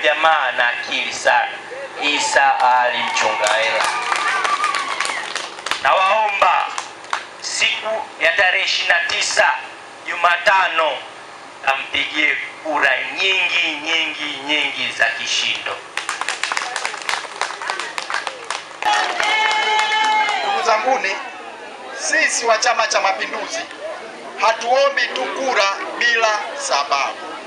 jamaa na akili sana. Isa Ali Mchungahela, nawaomba siku ya tarehe ishirini na tisa Jumatano ampigie kura nyingi nyingi nyingi za kishindo. Ndugu zanguni, sisi wa Chama cha Mapinduzi hatuombi tu kura bila sababu.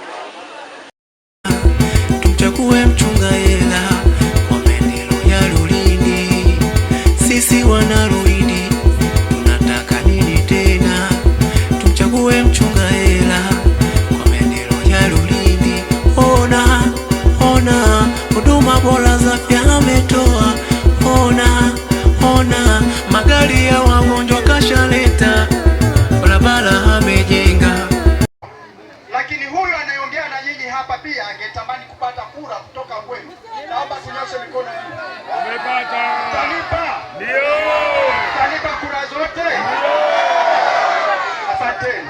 tena,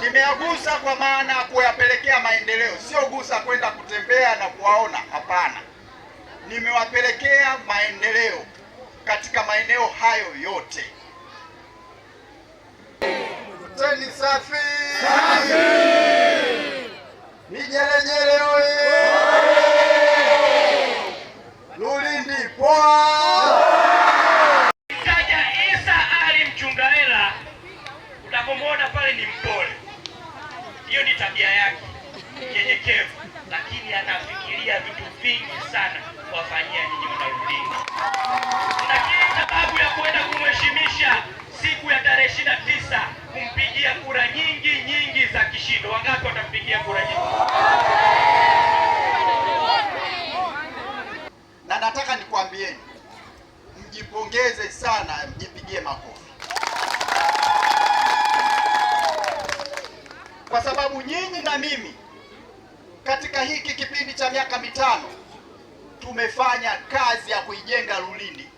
nimeagusa kwa maana ya kuyapelekea maendeleo, sio gusa kwenda kutembea na kuwaona, hapana. Nimewapelekea maendeleo katika maeneo hayo yote. Teni safi, safi. Minyelenyele Unapomwona pale ni mpole, hiyo ni tabia yake, mnyenyekevu, lakini anafikiria vitu vingi sana kuwafanyia nyinyi Wanaulinzi. Lakini sababu ya kuenda kumheshimisha siku ya tarehe ishirini na tisa kumpigia kura nyingi nyingi za kishindo. Wangapi watampigia kura nyingi? Na nataka nikwambieni, mjipongeze sana, mjipigie makofi. sababu nyinyi na mimi katika hiki kipindi cha miaka mitano tumefanya kazi ya kuijenga Lulindi.